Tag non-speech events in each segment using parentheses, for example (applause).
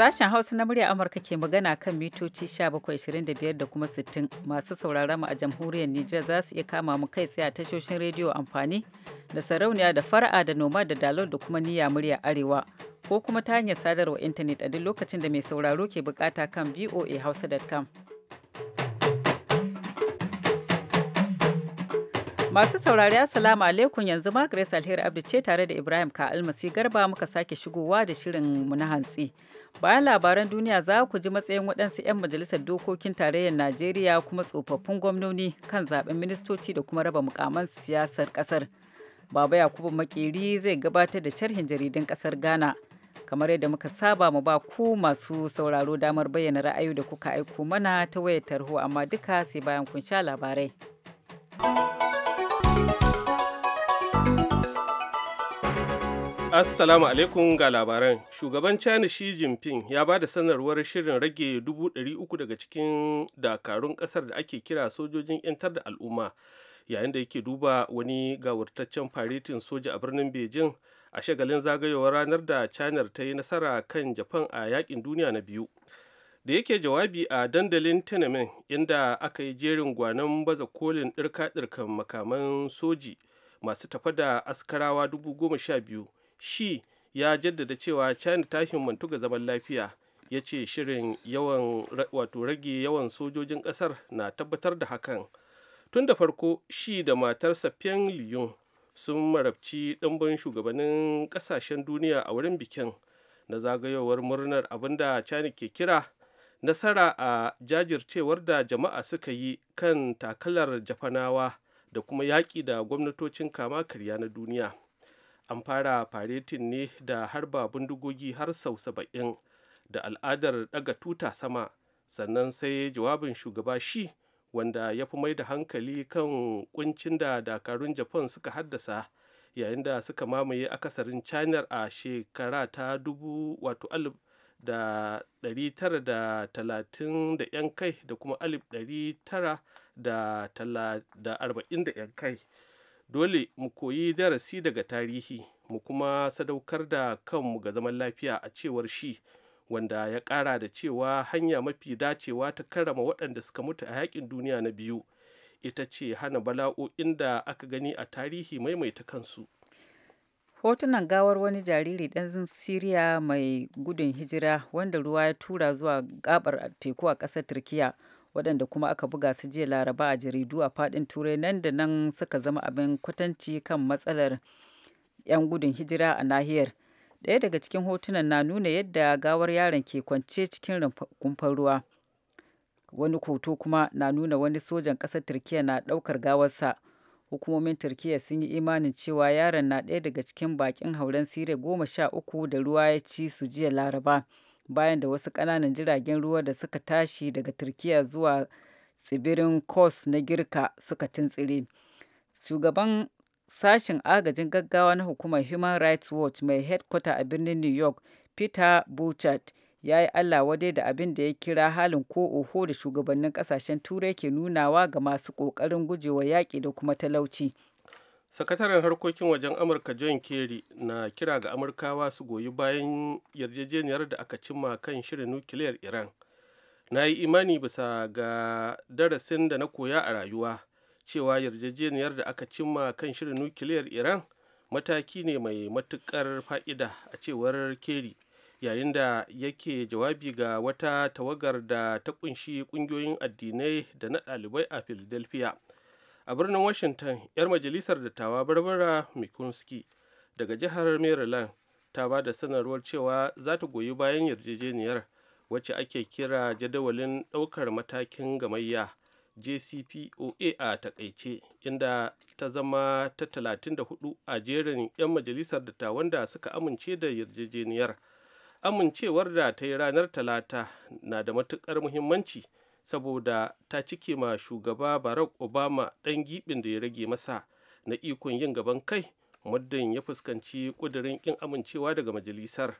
Sashen Hausa na murya Amurka ke magana kan mitoci 1725 da kuma 60 masu sauraron mu a jamhuriyar Nijar za su iya kama mu kai tsaye a tashoshin rediyo amfani da sarauniya da fara'a da noma da dalol da kuma niyya murya arewa ko kuma ta hanyar sadarwa intanet a duk lokacin da mai sauraro ke bukata kan voahausa.com. Masu saurari Assalamu alaikum yanzu ma Grace Alheri Abdi ce tare da Ibrahim Ka Almasi Garba muka sake shigowa da shirin mu na hantsi. Bayan labaran duniya za ku ji matsayin waɗansu 'yan majalisar dokokin tarayyar Najeriya kuma tsofaffin gwamnoni kan zaɓen ministoci da kuma raba mukaman siyasar ƙasar. Baba Yakubu Makeri zai gabatar da sharhin jaridun ƙasar Ghana. Kamar yadda muka saba mu ba ku masu sauraro damar bayyana ra'ayi da kuka aiko mana ta wayar tarho amma duka sai bayan kun sha labarai. Assalamu alaikum ga labaran. Shugaban China Xi Jinping ya ba da sanarwar shirin rage dubu ɗari uku daga cikin dakarun ƙasar da ake kira sojojin 'yantar da al'umma yayin da yake duba wani gawurtaccen faretin soja a birnin Beijing a shagalin zagayowar ranar da China ta yi nasara kan Japan a yakin duniya na biyu. Da yake jawabi a dandalin Tiananmen inda aka yi jerin gwanon baza kolin ɗirka-ɗirkan makaman soji masu tafa da askarawa dubu goma sha biyu shi ya jaddada cewa china ta himmantu ga zaman lafiya ya ce shirin yawan wato rage yawan sojojin kasar na tabbatar da hakan tun da farko shi da matarsa peng liyun sun marabci ɗanban shugabannin ƙasashen duniya a wurin bikin na zagayowar murnar da china ke kira nasara a jajircewar da jama'a suka yi kan takalar japanawa da kuma yaƙi da gwamnatocin kama karya na duniya an fara faretin ne da harba bindigogi har sau saba'in da al'adar daga tuta sama sannan sai jawabin shugaba shi wanda ya fi mai da hankali kan kuncin da dakarun japan suka haddasa yayin da suka mamaye akasarin china a shekara ta dubu wato alif da tara da 'yan kai da kuma arba'in da 'yan kai dole mu koyi darasi daga tarihi mu kuma sadaukar da kanmu ga zaman lafiya a cewar shi wanda ya kara da cewa hanya mafi dacewa ta karama waɗanda suka mutu a yakin duniya na biyu ita ce hana bala'o'in da aka gani a tarihi maimaita kansu hotunan gawar wani jariri ɗan siriya mai gudun hijira wanda ruwa ya tura zuwa gabar teku a ƙasar turkiya waɗanda kuma aka buga su jiya laraba a jaridu a fadin turai nan da nan suka zama abin kwatanci kan matsalar 'yan gudun hijira a nahiyar ɗaya daga cikin hotunan na nuna yadda gawar yaron ke kwance cikin kumfan ruwa wani hoto kuma na nuna wani sojan ƙasar turkiya na ɗaukar gawarsa hukumomin turkiya sun yi imanin cewa yaron na ɗaya daga cikin bakin hauren sire goma sha uku da ruwa ya ci su jiya laraba bayan da wasu ƙananan jiragen ruwa da suka tashi daga turkiya zuwa tsibirin kos na girka suka tuntsire shugaban sashen agajin gaggawa na hukumar human rights watch mai headquarter a birnin new york peter buchard ya yi allah wade da abin da ya kira halin ko oho da shugabannin kasashen turai ke nunawa ga masu ƙoƙarin gujewa yaƙi da kuma talauci sakataren harkokin wajen amurka john kerry na kira ga amurkawa su goyi bayan yarjejeniyar da aka cimma kan shirin nukiliyar iran na yi imani bisa ga darasin da na koya a rayuwa cewa yarjejeniyar da aka cimma kan shirin nukiliyar iran mataki ne mai matukar fa'ida a cewar kerry yayin da yake jawabi ga wata tawagar da ta kunshi kungiyoyin addinai da na ɗalibai a philadelphia a birnin washington 'yar majalisar dattawa barbara mikunski daga jihar maryland ta ba da sanarwar cewa za ta goyi bayan yarjejeniyar wacce ake kira jadawalin daukar matakin gamayya jcpoa a takaice inda ta zama ta 34 a jerin 'yan majalisar dattawan da suka amince da yarjejeniyar amincewar da ta yi ranar talata na da matukar muhimmanci saboda ta cike ma shugaba barack obama ɗan giɓin da ya rage masa na ikon yin gaban kai muddin ya fuskanci ƙudurin ƙin amincewa daga majalisar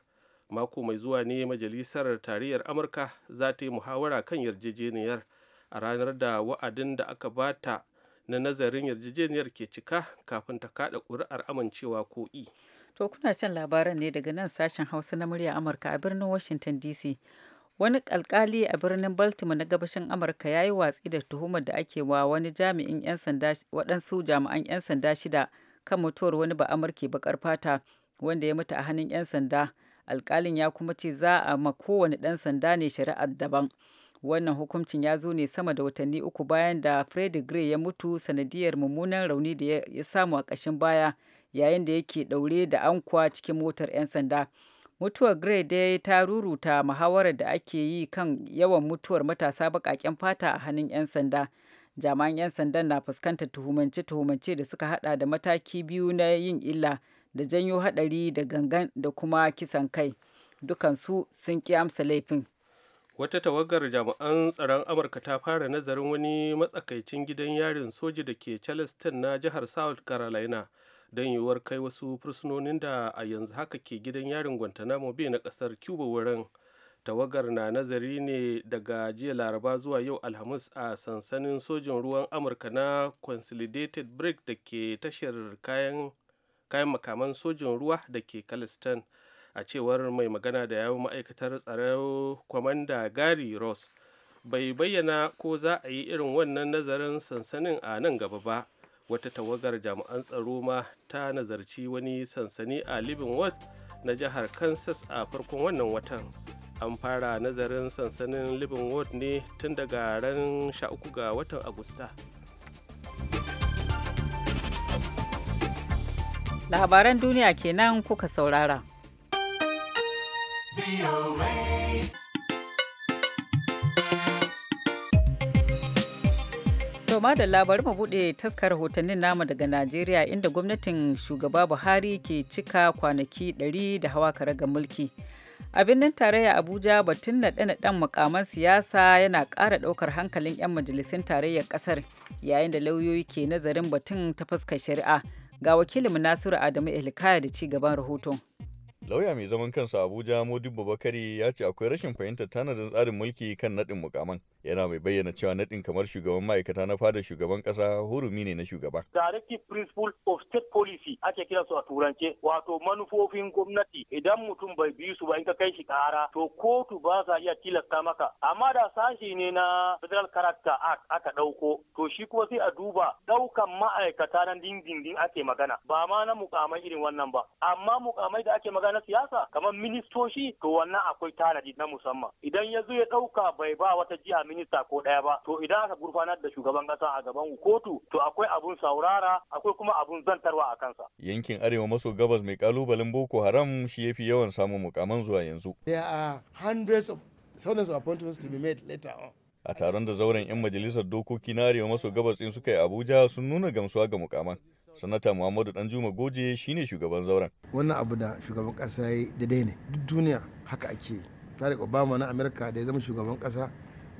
mako mai zuwa ne majalisar tarayyar amurka za ta yi muhawara kan yarjejeniyar a ranar da wa'adin da aka bata na nazarin yarjejeniyar ke cika kafin ta kaɗa ƙuri'ar amincewa ko i. To kuna shan labaran ne daga nan sashen Hausa na murya Amurka a birnin Washington DC. wani alkali a birnin baltimore na gabashin amurka ya yi watsi da tuhumar da ake wa wani jami'in 'yan sanda waɗansu jami'an 'yan sanda shida kan mutuwar wani ba amurke bakar fata wanda ya mutu a hannun 'yan sanda alkalin ya kuma ce za a ma kowane ɗan sanda ne shari'ar daban wannan hukuncin ya zo ne sama da watanni uku bayan da fred gray ya mutu sanadiyar mummunan rauni da ya samu a ƙashin baya yayin da yake ɗaure da ankwa cikin motar 'yan sanda mutuwar gray dai ta ruruta muhawarar da ake yi kan yawan mutuwar matasa baƙaƙen fata a hannun 'yan sanda jami'an 'yan sandan na fuskantar tuhumance-tuhumance da suka hada da mataki biyu na yin illa da janyo hadari da gangan da kuma kisan kai dukansu sun ki amsa laifin wata tawagar jami'an tsaron amurka ta fara nazarin wani matsakaicin gidan yarin soji da ke charleston na jihar south carolina don yiwuwar kai wasu fursunonin da a yanzu haka ke gidan yarin guantanamo bai na kasar cuba wurin tawagar na nazari ne daga jiya laraba zuwa yau alhamis a sansanin sojin ruwan amurka na consolidated break da ke tashar kayan makaman sojin ruwa da ke kalistan a cewar mai magana da yawon ma'aikatar tsaron kwamanda gary ross bai bayyana ko za a yi irin wannan nazarin sansanin a nan gaba ba wata tawagar jami'an tsaro ma ta nazarci wani sansani a Leavenworth na jihar Kansas a farkon wannan watan. An fara nazarin sansanin Leavenworth ne tun daga ran 13 ga watan Agusta. Labaran duniya kenan kuka saurara. To da bari mu buɗe taskar rahotannin namu daga Najeriya inda gwamnatin shugaba Buhari ke cika kwanaki 100 da hawa kare ga mulki. abin nan tarayya Abuja batun naɗe-naɗen mukaman siyasa yana ƙara ɗaukar hankalin 'yan majalisun tarayyar ƙasar yayin da lauyoyi ke nazarin batun ta fuskar shari'a. Ga wakilin Nasiru Adamu Ilkaya da ci gaban rahoton. Lauya mai zaman kansa Abuja Modibo Bakari ya ce akwai rashin fahimtar tanadin tsarin mulki kan nadin mukaman. Yana mai bayyana cewa nadin kamar shugaban ma'aikata na fada shugaban ƙasa hurumi ne na shugaba. Directive principle of state policy ake kiran su a turance wato manufofin gwamnati idan mutum bai bi su ba in ka kai shi kara to kotu ba sa iya tilasta maka amma da sashi ne na Federal Character Act aka ɗauko to shi kuma sai a duba ɗaukan ma'aikata na dindindin ake magana ba ma na mukamai irin wannan ba amma mukamai da ake magana na siyasa kamar ministoci to wannan akwai tanadi na musamman idan ya zo ya ɗauka bai ba wata jiha minista ko ɗaya ba to idan aka gurfanar da shugaban ƙasa a gaban kotu to akwai abun saurara akwai kuma abun zantarwa a kansa. Yankin Arewa maso gabas mai kalubalen Boko Haram shi ya yawan samun mukaman zuwa yanzu. There are hundreds of thousands of appointments to be made later on. A taron da zauren 'yan majalisar dokoki na Arewa maso gabas ɗin suka yi Abuja sun nuna gamsuwa ga mukaman. sanata muhammadu danjuma goje shine shugaban zauren wannan abu da shugaban kasa ya yi daidai ne duk duniya haka ake yi obama na amerika da ya zama shugaban kasa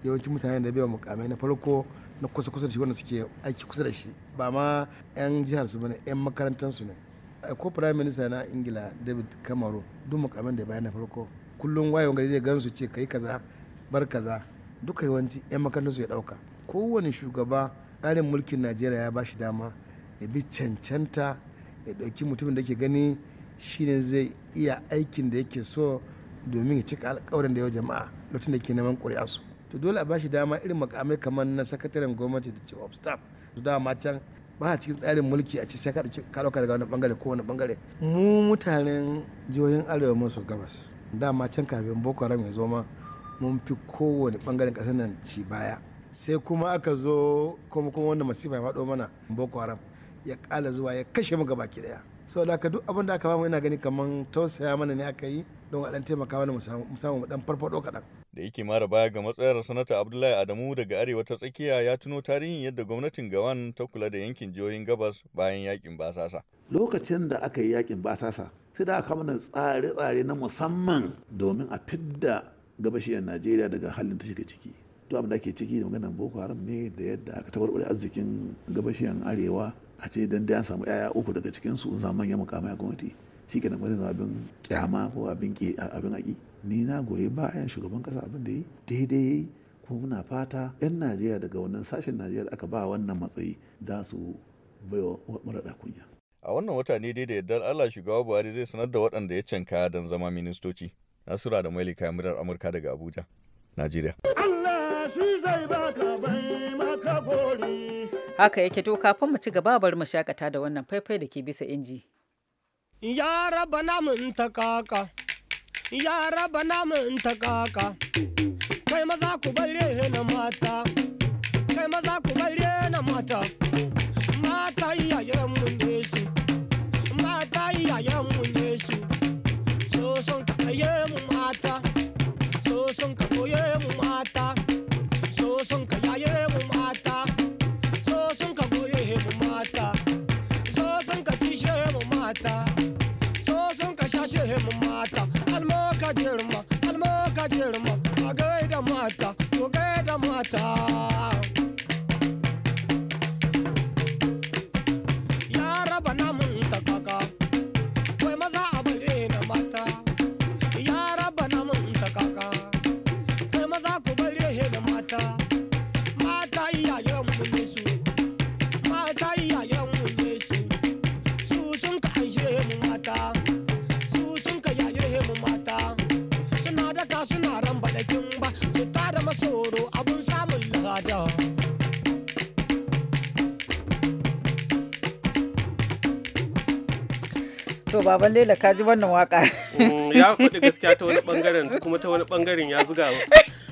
yawanci mutane da bai mukamai na farko na kusa kusa da shi wanda suke aiki kusa da shi ba ma yan jihar su bane yan makarantar su ne ko prime minister na ingila david cameron duk mukamin da bayan na farko kullum wayewan gari zai gansu ce kai kaza bar kaza duka yawanci yan makarantar su ya dauka kowane shugaba tsarin mulkin najeriya ya ba shi dama ya bi cancanta ya ɗauki mutumin da ke gani shine zai iya aikin da yake so domin ya cika alkawarin da yau jama'a lokacin da ke neman ƙuri'a su to dole a bashi dama irin makamai kamar na sakataren gwamnati da chief of staff su dama can ba a cikin tsarin mulki a ce sai ka ɗauka daga wani bangare ko wani bangare mu mutanen jihohin arewa maso gabas dama can kafin boko haram ya zo ma mun fi kowane bangaren ƙasar nan ci baya sai kuma aka zo kuma kuma wanda masifa ya faɗo mana boko haram ya kala zuwa ya kashe mu gabaki daya saboda ka duk abin da aka bamu ina gani kamar tausaya mana ne aka yi don a dan taimaka mana mu dan farfado kaɗan. da yake mara baya ga matsayar sanata abdullahi adamu daga arewa ta tsakiya ya tuno tarihin yadda gwamnatin gawan ta kula da yankin jihohin gabas bayan yakin basasa lokacin da aka yi yakin basasa sai da aka mana tsare-tsare na musamman domin a fidda gabashiyar najeriya daga halin ta shiga ciki duk abin da ake ciki da maganar boko haram ne da yadda aka tabarbare arzikin gabashiyar arewa a ce dan dai an samu yaya uku daga cikin su samu manyan mukamai a gwamnati shi ke nan zama abin kyama ko abin abin aki ni na goyi bayan shugaban kasa abin da yi daidai yayi ko muna fata yan najeriya daga wannan sashen najeriya da aka ba wannan matsayi da su baiwa marada kunya a wannan wata ne dai da allah shugaba buhari zai sanar da waɗanda ya canka don zama ministoci nasura da maili kayan murar amurka daga abuja najeriya allah shi zai baka bai maka gori haka yake to kafin mu ci gaba bari mu shakata da wannan faifai da ke bisa inji ya raba namun ta kaka ya raba namun ta kaka kai maza ku bare na mata kai maza ku bare na mata mata iyayen mun yesu mata iyayen mun yesu so son ka aye mu mata so son ka koye mu mata so son ka kashe mu mata alma ka girma alma ka girma a gaida mata ko gaida mata ya raba namun ta kaka wai maza a bare na mata ya raba namun ta kaka kai maza ku bare da mata mata iya baban Lela ka ji wannan waka. Mm, ya kuɗi gaskiya ta wani bangaren kuma ta wani bangaren ya zuga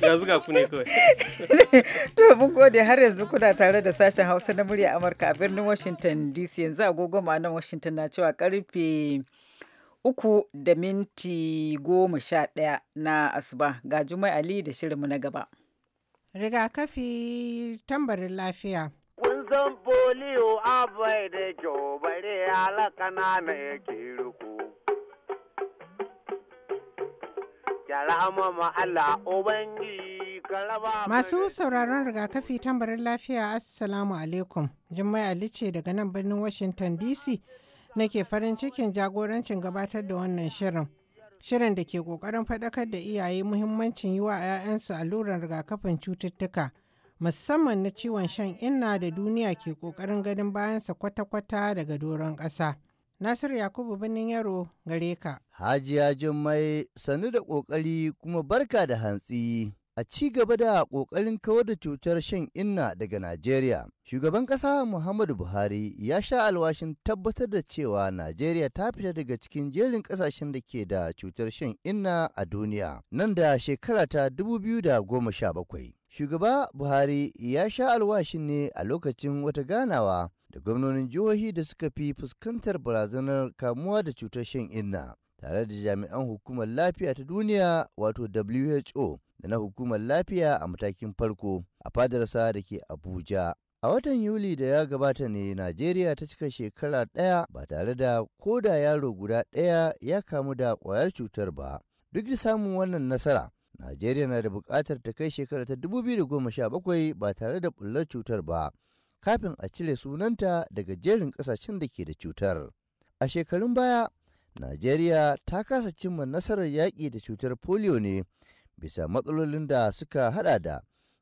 ya zuga ku ne kawai. (laughs) To mun gode har yanzu kuna tare da sashen Hausa na murya Amurka a birnin Washington DC yanzu agogo nan Washington na cewa karfe uku da minti goma sha ɗaya na asuba ga Jumai Ali da shirinmu na gaba. Rigakafi tambarin lafiya. zan foliyo abai da kyau bare alaka na obangi Masu sauraron rigakafi tambarin lafiya Assalamu alaikum. Jummai Ali ce daga nan birnin Washington DC nake farin cikin jagorancin gabatar da wannan shirin. Shirin da ke ƙoƙarin faɗakar da iyaye muhimmancin yi wa 'ya'yansu alluran rigakafin cututtuka. musamman na ciwon shan inna da duniya ke ƙoƙarin ganin bayansa kwata-kwata daga doron ƙasa. Nasiru Yakubu binin Yaro gare ka. Hajiya Jummai sanu da ƙoƙari kuma barka da hantsi. a ci gaba da ƙoƙarin kawar da cutar shan inna daga Najeriya. Shugaban ƙasa Muhammadu Buhari ya sha alwashin tabbatar da cewa Najeriya ta fita daga cikin jerin ƙasashen da ke da cutar shan inna a duniya nan da shekara ta 2017. Shugaba Buhari ya sha alwashin ne a lokacin wata ganawa da gwamnonin jihohi da suka fi fuskantar barazanar kamuwa da cutar shan inna tare da jami'an hukumar lafiya ta duniya wato WHO da na hukumar lafiya a matakin farko a fadarsa da ke Abuja. A watan Yuli da ya gabata ne Najeriya ta cika shekara ɗaya ba tare da koda yaro guda ɗaya ya kamu da kwayar cutar ba. Duk da samun wannan nasara, Najeriya na da buƙatar ta kai shekarar ta 2017 ba tare da bullar cutar ba, kafin a cire sunanta daga jerin ƙasashen da ke da cutar. A shekarun baya, Najeriya ta kasa cimma nasarar yaƙi da cutar polio ne bisa matsalolin da suka haɗa da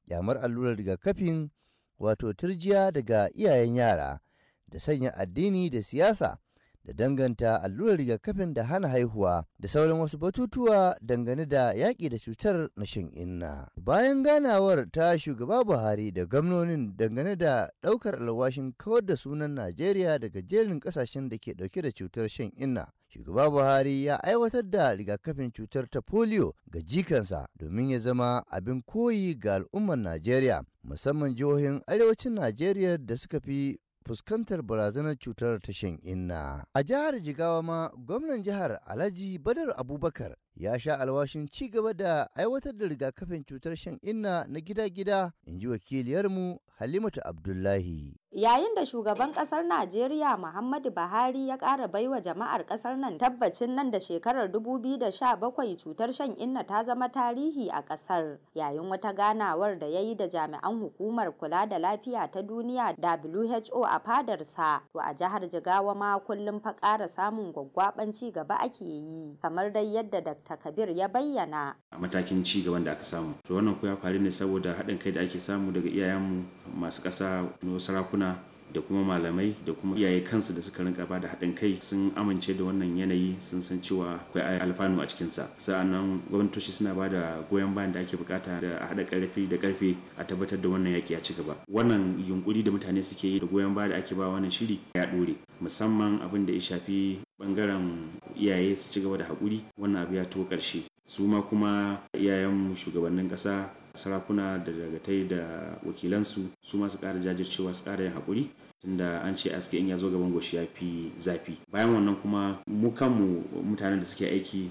yamar allurar rigakafin wato turjiya daga iyayen yara da sanya addini da siyasa da danganta allurar rigakafin da hana haihuwa da sauran wasu batutuwa dangane da yaƙi da cutar na shan inna. Bayan ganawar ta shugaba Buhari da gwamnonin dangane da ɗaukar alwashin kawar da sunan Najeriya daga jerin ƙasashen da ke ɗauke da cutar shan inna. Shugaba Buhari ya aiwatar da rigakafin cutar ta polio ga jikansa domin ya zama abin koyi ga al'ummar Najeriya, musamman jihohin arewacin Najeriya da suka fi fuskantar barazanar cutar tashin inna. A jihar Jigawa ma gwamnan jihar Alhaji Badar Abubakar ya sha alwashin ci gaba da aiwatar da rigakafin cutar shan inna na gida-gida in ji wakiliyarmu Halimatu Abdullahi. Yayin da shugaban ƙasar Najeriya Muhammadu Buhari ya ƙara baiwa jama'ar ƙasar nan tabbacin nan da shekarar 2017 cutar shan inna ta zama tarihi a ƙasar. Yayin wata ganawar da ya yi da jami'an hukumar kula da lafiya ta duniya WHO a fadarsa, to a jihar Jigawa ma kullum fa ƙara samun gwaggwaɓan ci gaba ake yi, kamar dai yadda Dr. Kabir ya bayyana. A matakin ci gaban da aka samu, to wannan ku ya faru ne saboda haɗin kai da ake samu daga iyayenmu masu ƙasa sarakuna sarakuna da kuma malamai da kuma iyaye kansu da suka rinka bada haɗin kai sun amince da wannan yanayi sun san cewa akwai alfanu a cikinsa sa'annan gwamnatoci suna ba da goyon bayan da ake bukata da haɗa ƙarfi da ƙarfe a tabbatar da wannan yaƙi ya ci gaba wannan yunkuri da mutane suke yi da goyon baya da ake ba wannan shiri ya ɗore musamman abin da ya shafi bangaren iyaye su ci gaba da haƙuri wannan abu ya to ƙarshe su ma kuma iyayen shugabannin ƙasa sarakuna da dagatai da wakilansu su masu kara ƙara jajircewa su kara yin hakuri tunda an ce aske in ya zo gaban goshi ya fi zafi bayan wannan kuma mu kanmu mutanen da suke aiki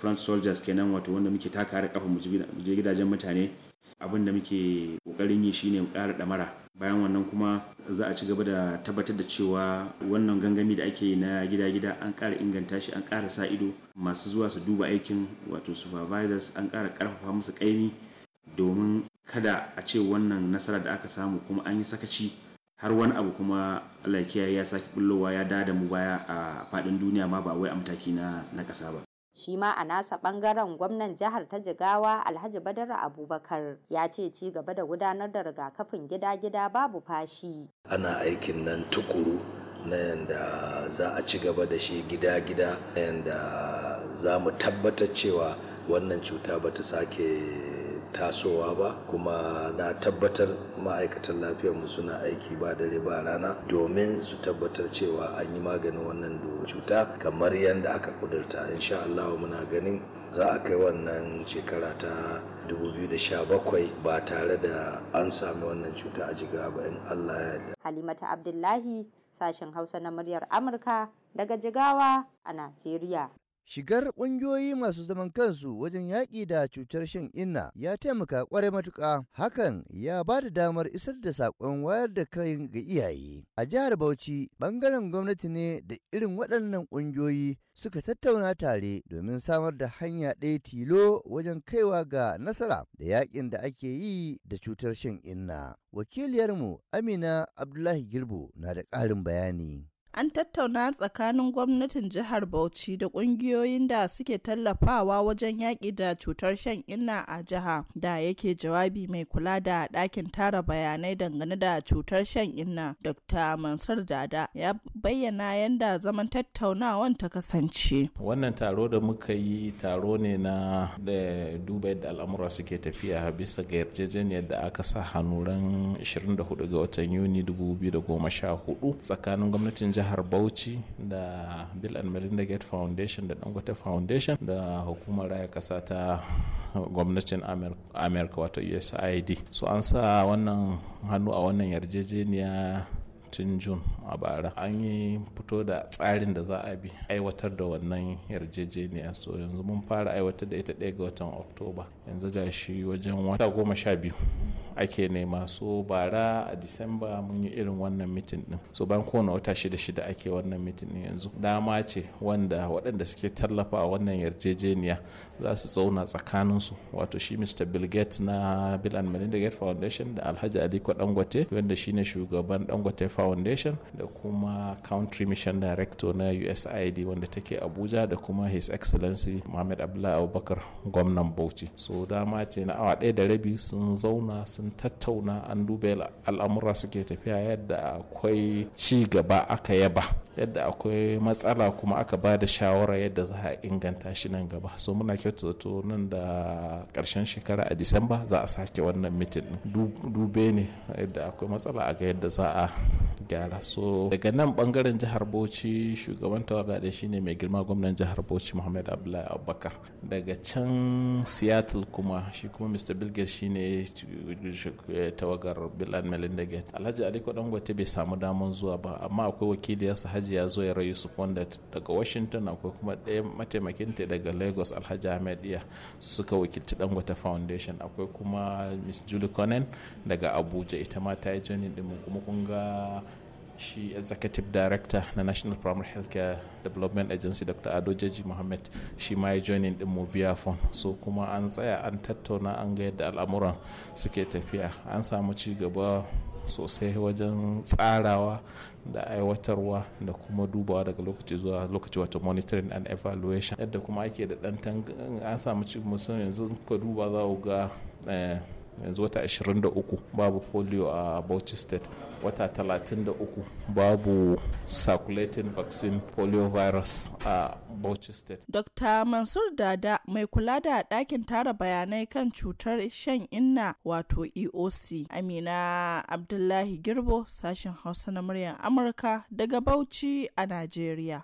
front soldiers kenan wato wanda muke taka har kafa mu je gidajen mutane abin da muke kokarin yi shine mu ƙara ɗamara bayan wannan kuma za a ci gaba da tabbatar da cewa wannan gangami da ake na gida-gida an ƙara inganta shi an ƙara sa ido masu zuwa su duba aikin wato supervisors an ƙara ƙarfafa musu kaimi. domin kada a ce wannan nasara da aka samu kuma an yi sakaci har wani abu kuma Allah ya sake bullowa ya dada mu baya a faɗin duniya ma ba wai a mataki na na ƙasa ba. shi ma a nasa ɓangaren gwamnan jihar ta jigawa alhaji badar abubakar ya ce ci gaba da gudanar da rigakafin gida-gida babu fashi ana aikin nan tukuru na yadda za a ci gaba da shi gida-gida na yadda za mu tabbatar cewa wannan cuta ba ta sake tasowa ba kuma na tabbatar ma'aikatan lafiyar mu suna aiki ba dare ba rana domin su tabbatar cewa an yi maganin wannan cuta kamar yadda aka kudurta insha Allah muna ganin za a kai wannan shekara ta 2017 ba tare da an sami wannan cuta a jiga ba in Allah ya yarda. Halimata Abdullahi sashen Hausa na muryar Amurka daga Jigawa a Najeriya. Shigar ƙungiyoyi masu zaman kansu wajen yaƙi da cutar shan inna ya taimaka ƙwarai matuƙa, hakan ya ba da damar isar da saƙon wayar da kai ga iyaye. A jihar Bauchi, ɓangaren gwamnati ne da irin waɗannan ƙungiyoyi suka tattauna tare domin samar da hanya ɗaya tilo wajen kaiwa ga nasara da yaƙin da ake yi da cutar shan inna. Wakiliyarmu Amina Abdullahi Girbo na da ƙarin bayani. an tattauna tsakanin gwamnatin jihar Bauchi da kungiyoyin da suke tallafawa wajen yaƙi da cutar shan inna a jiha da yake jawabi mai kula da ɗakin tara bayanai dangane da cutar shan inna Dr. Mansur Dada ya bayyana yadda zaman tattaunawan ta kasance. Wannan taro da muka yi taro ne na da duba yadda al'amura suke tafiya bisa ga yarjejeniyar da aka sa hannu ran 24 ga watan Yuni 2014 tsakanin gwamnatin jihar jihar bauchi da bill and melinda gate foundation da dangote foundation da hukumar raya kasa ta gwamnatin america wato usaid su an sa wannan hannu a wannan yarjejeniya tun jun a bara an yi fito da tsarin da za a bi aiwatar da wannan yarjejeniya so yanzu mun fara aiwatar da ita ɗaya ga watan oktoba yanzu gashi wajen wata goma sha biyu ake nema so bara a disamba mun yi irin wannan mitin din so ban kowane wata shida shida ake wannan mitin din yanzu dama ce wanda waɗanda suke tallafa a wannan yarjejeniya za su zauna su wato shi mr bill gates na bill and melinda gates foundation da alhaji aliko dangote wanda shine shugaban dangote foundation da kuma country mission director na usaid wanda take abuja da kuma his excellency mohammed abdullahi abubakar gwamnan bauchi so dama ce na awa ɗaya da rabi sun zauna sun sun tattauna an duba al'amura suke tafiya yadda akwai ci gaba aka yaba yadda akwai matsala kuma aka ba da shawara yadda za a inganta shi nan gaba so muna kyautata nan da karshen shekara a disamba za a sake wannan mitin dube ne yadda akwai matsala a ga yadda za a gyara so daga nan bangaren jihar bauchi shugaban tawaga da shine mai girma gwamnan jihar bauchi muhammad abdullahi abubakar daga can seattle kuma shi kuma mr bilger shine Eh, tawagar bilan and melinda gate alhaji aliko gote bai samu damar zuwa ba amma akwai wakiliyarsa ya rayu yusuf wanda daga washington akwai kuma ɗaya mataimakinta daga lagos alhaji ahmed iya su suka wakilci dan gote foundation akwai kuma miss julie conan daga abuja ita ma ta yi jonin ɗin kuma kun shi executive director na national primary healthcare development agency dr ado jeji mohammed shi ma ya joinin din mu fon so kuma an tsaya an tattauna an ga yadda al'amuran suke tafiya an samu ci gaba sosai wajen tsarawa da aiwatarwa da kuma dubawa daga lokaci zuwa lokaci wata monitoring and evaluation yadda kuma ake da ɗan an samu ci musamman yanzu ka duba za ga eh, yanzu wata 23 babu polio a Bauchi state wata 33 babu circulating vaccine polio virus a Bauchi state Dr. Mansur Dada mai kula da ɗakin tara bayanai kan cutar shan inna wato EOC Amina Abdullahi Girbo sashen Hausa na muryar Amurka daga Bauchi a Najeriya.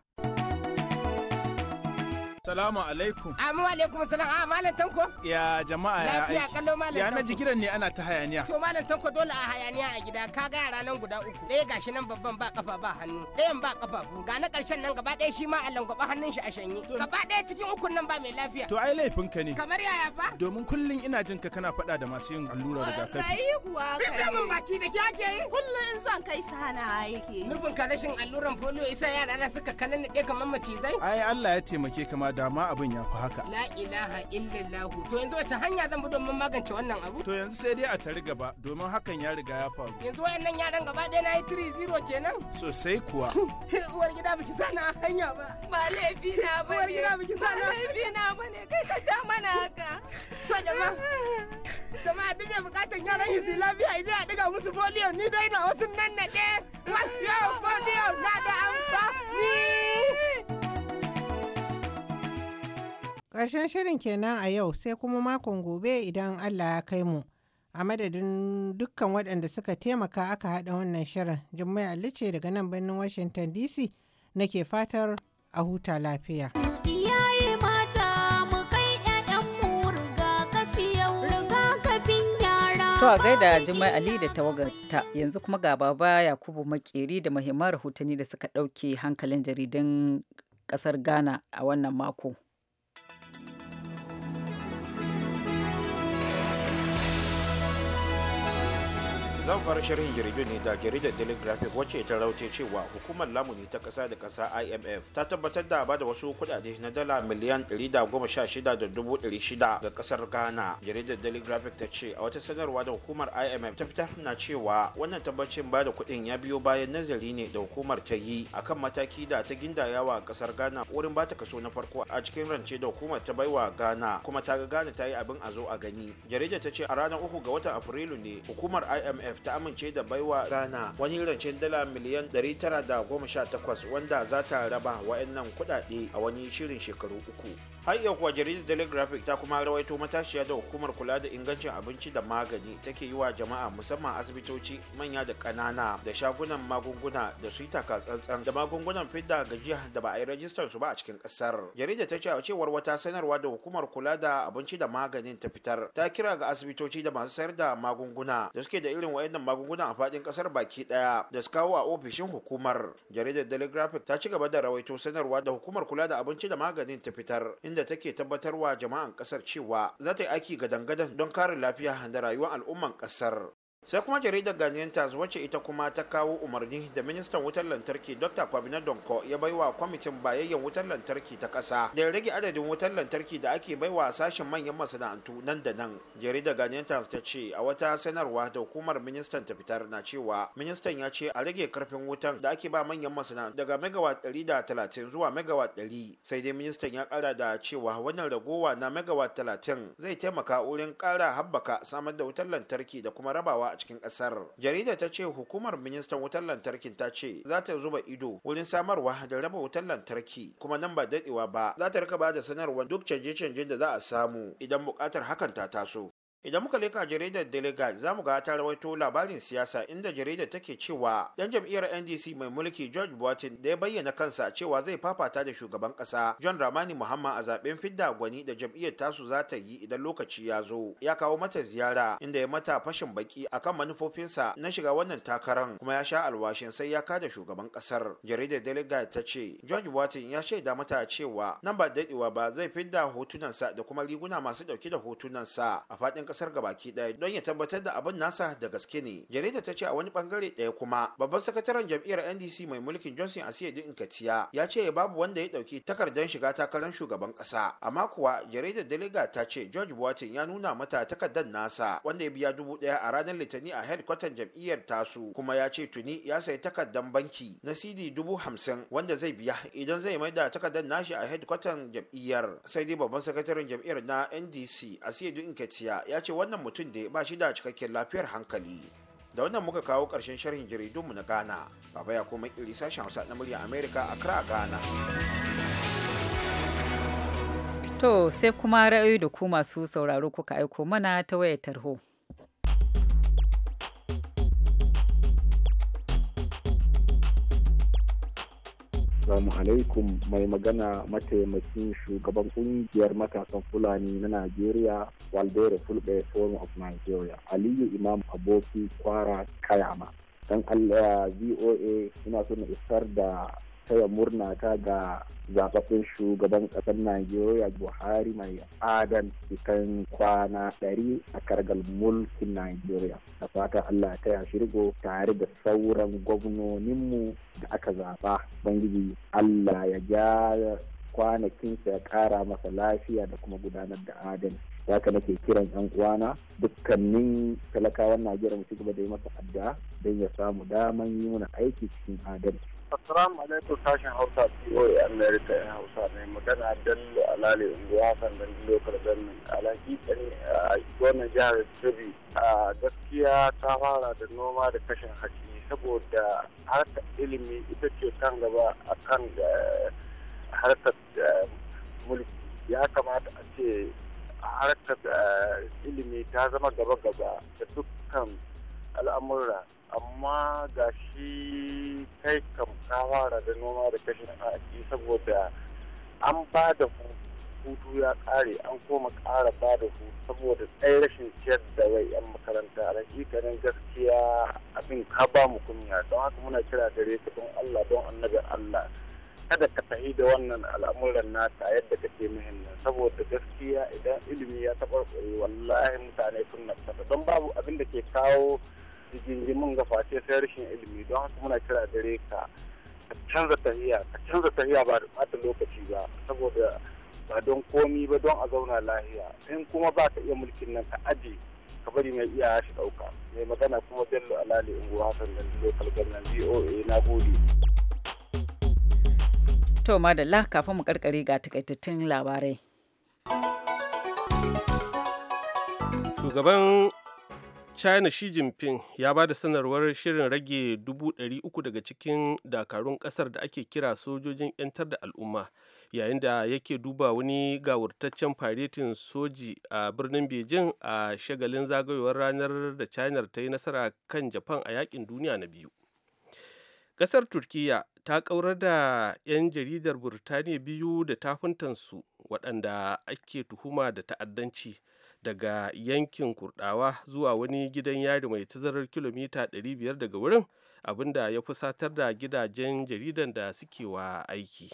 Salamu alaikum. Amma alaikum salam. A ah, malam tanko? Ya jama'a ya aiki. Lafiya kallo malam tanko. Ya naji kiran ne ana ta hayaniya. To malam tanko dole a hayaniya a gida ka ga yara nan guda uku. Ɗaya gashi nan babban ba kafa ba hannu. Ɗayan ba kafafu. Ga na ƙarshen nan gaba ɗaya shi ma a langwaba hannun shi a shanye. Gaba ɗaya cikin ukun nan ba mai lafiya. To ai laifin ka ne. Kamar yaya fa? Domin kullum ina jin ka kana faɗa da masu yin allurar rigakafi. Rayi kuwa kai. Bibiya mun baki da kyake yi. Kullum zan kai sana aiki. Nufin ka rashin alluran polio isa yara na suka kanana ne kamar macizai. Ai Allah ya taimake kama dama abin ya fi haka la ilaha illallahu to yanzu wace hanya zan bi domin magance wannan abu to yanzu sai dai a tari gaba domin hakan ya riga ya faru yanzu wayannan yaran gaba ɗaya na yi tiri 0 kenan sosai kuwa uwar gida biki sana hanya ba ba laifi na ba uwar gida biki sana laifi na ba ne kai ka ja mana haka to jama'a jama'a duk mai bukatar yaran su lafiya ya je a ɗiga musu foliyo ni dai na wasu nan na ɗaya masu yawan foliyo na da amfani Ƙarshen shirin kenan a yau sai kuma makon gobe idan Allah ya kai mu. A madadin dukkan waɗanda suka taimaka aka haɗa wannan shirin, Jummai Alice daga nan birnin Washington DC nake fatar a huta lafiya. Iyaye mata mu kai yara. gaida Jummai Ali da tawagarta yanzu kuma ga baba Yakubu Makeri da muhimman rahotanni da suka ɗauke hankalin jaridan ƙasar Ghana a wannan mako. zan fara sharhin jirgin ne da jaridar daily graphic wacce ta raute cewa hukumar lamuni ta kasa da kasa imf ta tabbatar da ba da wasu kudade na dala miliyan 116,600 ga kasar ghana jaridar daily graphic ta ce a wata sanarwa da hukumar imf ta fitar na cewa wannan tabbacin ba da kudin ya biyo bayan nazari ne da hukumar ta yi akan mataki da ta gindayawa kasar ghana wurin ba ta kaso na farko a cikin rance da hukumar ta baiwa ghana kuma ta ga ghana ta yi abin a zo a gani jaridar ta ce a ranar uku ga watan afrilu ne hukumar imf ta amince da baiwa rana wani rancen dala miliyan 918 wanda za ta raba wa'annan kudade a wani shirin shekaru uku har iya kuwa jaridar daily graphic ta kuma rawaito matashiya da hukumar kula da ingancin abinci da magani take yi wa jama'a musamman asibitoci manya da ƙanana da shagunan magunguna da su yi taka tsantsan da magungunan fidda gajiya da ba a yi rajistar su ba a cikin ƙasar jaridar ta ce a cewar wata sanarwa da hukumar kula da abinci da maganin ta fitar ta kira ga asibitoci da masu sayar da magunguna da suke da irin wayannan magunguna a fadin ƙasar baki ɗaya da su kawo a ofishin hukumar jaridar daily graphic ta ci gaba da rawaito sanarwa da hukumar kula da abinci da maganin ta fitar inda take tabbatarwa jama'an kasar cewa za ta yi aiki gadan-gadan don kare lafiya da rayuwar al'umman kasar sai kuma jaridar ghanaian wacce ita kuma ta kawo umarni da ministan wutar lantarki dr kwabina donko ya baiwa kwamitin bayayyan wutar lantarki ta kasa da rage adadin wutar lantarki da ake baiwa sashen manyan masana'antu nan da nan jaridar ghanaian ta ce a wata sanarwa da hukumar ministan ta fitar na cewa ministan ya ce a rage karfin wutan da ake ba manyan masana'antu daga megawatt ɗari da talatin zuwa megawatt ɗari sai dai ministan ya kara da cewa wannan ragowa na megawatt talatin zai taimaka wurin kara haɓaka samar da wutar lantarki da kuma rabawa a cikin kasar jarida ta ce hukumar ministan wutar lantarkin ta ce za ta zuba ido wurin samarwa da raba wutar lantarki kuma nan ba dadewa ba za ta rika ba da sanarwar duk canje-canjen da za a samu idan bukatar hakan ta taso Idan muka leka jaridar Delegate za mu ga ta rawaito labarin siyasa inda jaridar take cewa dan jam'iyyar NDC mai mulki George Boatin da ya bayyana kansa cewa zai fafata da shugaban kasa John Ramani muhamma a zaben fidda gwani da jam'iyyar tasu za ta yi idan lokaci ya zo. Ya kawo mata ziyara inda ya mata fashin baki akan manufofinsa na shiga wannan takaran kuma ya sha alwashin sai ya kada shugaban kasar. Jaridar Delegate ta ce George Boatin ya shaida mata cewa nan ba daɗewa ba zai fidda hotunansa da kuma riguna masu ɗauke da hotunansa a faɗin kasar gabaki daya don ya tabbatar da abin nasa da gaske ne jarida ta ce a wani bangare daya kuma babban sakataren jam'iyyar ndc mai mulkin johnson asiyedi inkaciya ya ce babu wanda ya dauki takardar shiga takarar shugaban kasa amma kuwa jaridar daliga ta ce george buatin ya nuna mata takardar nasa wanda ya biya dubu daya a ranar litani a headquarter jam'iyyar tasu kuma ya ce tuni ya sayi takardar banki na cd dubu hamsin wanda zai biya idan zai mai da takardar nashi a headquarter jam'iyyar sai dai babban sakataren jam'iyyar na ndc asiyedi inkaciya ya ya ce wannan mutum da ba shi da cikakken lafiyar hankali da wannan muka kawo ƙarshen sharhin jaridunmu na ghana baba ya kuma iri sashen hausa na murya america a kira ghana to sai kuma ra'ayi da ku masu sauraro kuka aiko mana ta wayar tarho Assalamu alaikum mai magana mataimakin shugaban kungiyar matasan Fulani na Najeriya Waldere Fulbe Forum of Nigeria Aliyu Imam Aboki Kwara Kayama. Dan Allah VOA ina so na isar da taya murna ta ga zaɓaɓɓen shugaban ƙasar Najeriya Buhari mai adan cikin kwana ɗari a kargal mulkin Najeriya. Da fata Allah ta yashi rigo tare da sauran gwamnoninmu da aka zaɓa. Bangiji Allah ya ja kwanakinsa ya ƙara masa lafiya da kuma gudanar da adalci. haka nake kiran yan uwana dukkanin talakawan najeriya mu ci gaba da yi masa adda don ya samu daman yi mana aiki cikin adalci Assalamu alaikum sashen Hausa POA America ya Hausa mai magana Dallo Alale Unguwa Hassan dan lokar ganin alaki tsani a wannan jihar Tobi a gaskiya ta fara da noma da kashin haƙi saboda harkar ilimi ita ce kan gaba a kan eh, harkar eh, mulki ya kamata a ce harkar eh, ilimi ta zama gaba-gaba da dukkan al'amura amma ga shi kai kam ka fara da noma da kashin aki saboda an ba da hutu ya ƙare an koma ƙara ba da hutu saboda tsaye rashin ciyar da wai yan makaranta a hakikanin gaskiya abin ka ba mu kunya don haka muna kira gare su don allah don annabin allah kada ka tafi da wannan al'amuran nata yadda kake muhimmin saboda gaskiya idan ilimi ya taɓarɓare wallahi mutane sun nasara don babu abin da ke kawo mun ga face sai rashin ilimi don haka muna kira dare ka ka canza tahiya ka canza tahiya ba da ɓata lokaci ba saboda ba don komi ba don a zauna lahiya in kuma ba ka iya mulkin nan ka aje ka bari mai iya shi ɗauka mai magana kuma bello alali unguwa hassan nan local government voa na gode. To madalla kafin mu karkare ga takaitattun labarai. Shugaban China Xi Jinping ya ba da sanarwar shirin rage dubu-dari-uku ɗari daga cikin dakarun ƙasar da ake kira sojojin 'yantar da al'umma yayin da yake duba wani gawurtaccen faretin soji a birnin Beijing a shagalin zagayowar ranar da China ta yi nasara kan Japan a yakin duniya na biyu. ƙasar Turkiyya ta kaurar da 'yan jaridar Burtaniya biyu da tafuntansu waɗanda ake tuhuma da ta'addanci daga yankin kurdawa zuwa wani gidan yari mai tazarar kilomita 500 daga wurin abinda ya fusatar da gidajen jaridan da suke wa aiki.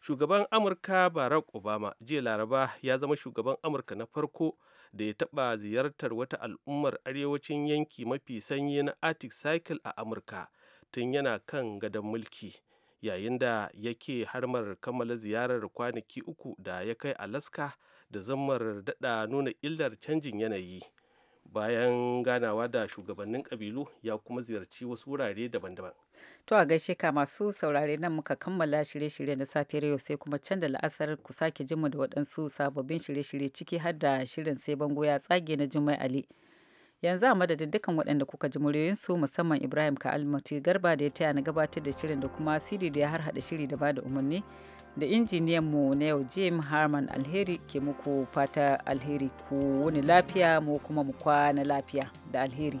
Shugaban Amurka Barack Obama jiya Laraba ya zama shugaban Amurka na farko da ya taɓa ziyartar wata al'ummar arewacin yanki mafi sanyi na Arctic Cycle a Amurka. tun yana kan gadon mulki yayin da yake harmar kammala ziyarar kwanaki uku da ya kai alaska da zammar dada nuna illar canjin yanayi bayan ganawa da shugabannin kabilu ya kuma ziyarci wasu wurare daban-daban. To a gaishe ka masu saurare nan muka kammala shirye-shirye na safiyar yau sai kuma can da la'asar ku sake jimu da waɗansu sababbin shirye-shirye ciki har da shirin sai bango ya tsage na Jummai Ali. yanzu a madadin dukkan waɗanda kuka ji su musamman ibrahim ka almati garba da ya taya na gabatar da shirin da kuma sidi da ya harhaɗa shiri da bada umarni da injiniyan mu na yau jim harman alheri ke muku fata alheri ku wuni lafiya mu kuma mu kwana lafiya da alheri